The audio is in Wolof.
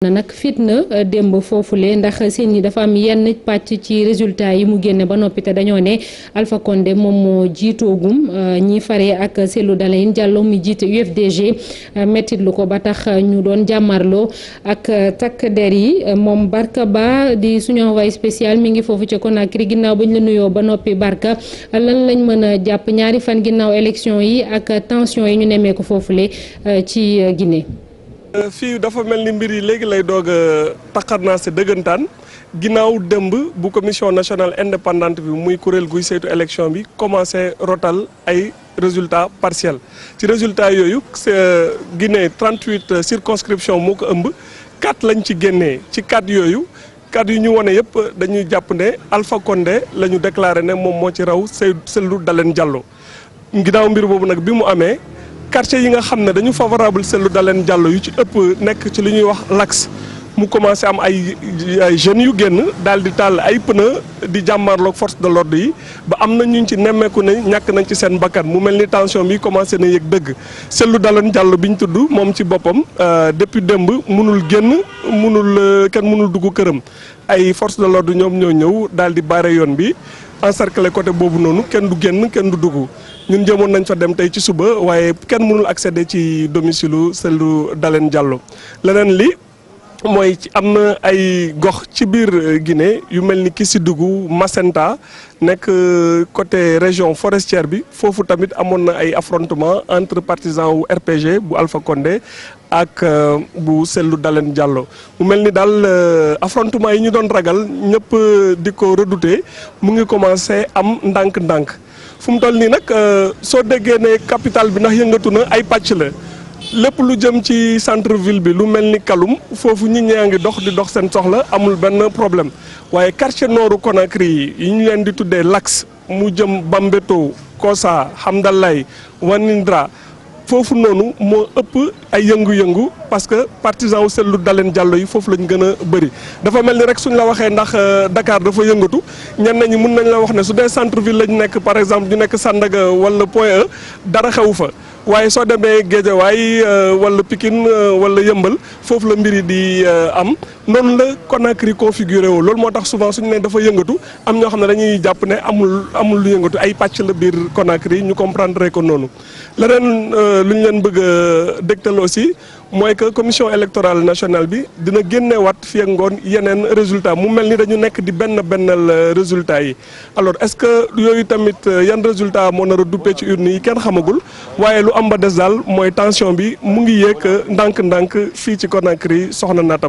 na nag fitna euh, démb foofule ndax seen yi dafa am yenn pàcc ci résultat yi mu génne ba noppi te dañoo ne Alpha Condé moom moo jiitoogum euh, ñi fare ak Cellou Dalein Diallo mi jiite UFDG euh, mettitlu ko ba tax ñu doon jàmmarloo ak takk der yi moom Barka Ba di suñu envoyé spécial mi ngi foofu ca Conakry ginnaaw ba ñu la nuyoo ba noppi Barka lan lañ mën a jàpp ñaari fan ginnaaw élection yi ak tension yi ñu nemmeeku foofule ci Guinée. Euh, fii dafa mel ni mbir yi léegi lay doog a taxar naa si dëggantaan ginnaaw dëmb bu commission national indépendante bi muy kuréel guy saytu élection bi commencé rotal ay résultats partiels ci résultats yooyu euh, Guinée 38 euh, circonscription moo ko ëmb 4 lañ ci génnee ci 4 yooyu 4 yu ñu wone yëpp dañuy jàpp ne Alpha Condé la ñu déclaré ne moom moo ci raw Seydou Cellou Dalein Diallo ginnaaw mbir boobu nag bi mu amee. quartier yi nga xam ne dañu favorable lu Dalein Diallo yu ci ëpp nekk ci li ñuy wax l'axe mu commencé am ay ay jeunes yu génn daal di taal ay pneu di jàmmarloog force de l'ordre yi ba am na ñu ci nemmeeku ne ñàkk nañ ci seen bakkan mu mel ni tension bi commencé na yëg dëgg seetlu daloon jàll bi ñu tudd moom ci boppam euh, depuis démb munul génn munul euh, kenn munul dugg këram ay force de l'ordre ñoom ñoo ñëw daal di bare yoon bi encercler côté boobu noonu kenn du génn kenn du dugg ñun jëmoon nañ fa dem tey ci suba waaye kenn mënul accéder ci domicile u Cellou Dalein Diallo leneen li mooy ci am na ay gox ci biir euh, gine yu mel ni si Kédougou Macenta nekk euh, côté région forestière bi foofu tamit amoon na ay affrontement entre partisans wu RPG bu Alpha Condé ak euh, bu Cellou Dalein Diallo mu mel ni daal affrontement yi ñu doon ragal ñëpp di ko redouter mu ngi commencé am ndànk-ndànk fu mu toll nii nag soo déggee ne capitale bi ndax yëngatu na ay pàcc la. lépp lu jëm ci centre ville bi lu mel ni Kaloum foofu nit ñaa ngi dox di dox seen soxla amul benn problème waaye quartier nooru Conakry yi ñu leen di tuddee l'axe mu jëm Bambeto Kosa Hamdalay Wanindra foofu noonu moo ëpp ay yëngu-yëngu parce que partisan wu seetlu daleen jàllo yi foofu lañ gën a bëri dafa mel ni rek suñ la waxee ndax euh, dakaar dafa yëngatu ñenn ñi mun nañ la wax ne su dee centre ville lañ nekk par exemple ñu nekk Sandaga wala Point E dara xewu fa. waaye soo demee Géejawaay euh, wala Pikine euh, wala Yëmbal foofu la mbir yi di euh, am noonu la Conakry configuré woo loolu moo tax souvent suñu ne dafa yëngatu am ñoo xam ne dañuy jàpp ne amul amul lu yëngatu ay pàcc la biir Conakry ñu comprendre ko noonu leneen lu ñu leen bëgg a dégtal aussi. mooy que commission électorale national bi dina génne wat ak ngoon yeneen résultat mu mel ni dañu nekk di benn bennal euh, résultat yi alors est-ce que yooyu tamit euh, yan résultat moo nar a duppee ci urne yi kenn xamagul waaye lu am ba des daal mooy tension bi mu ngi yéeg euh, ndànk-ndànk fii ci Conakry soxna Natam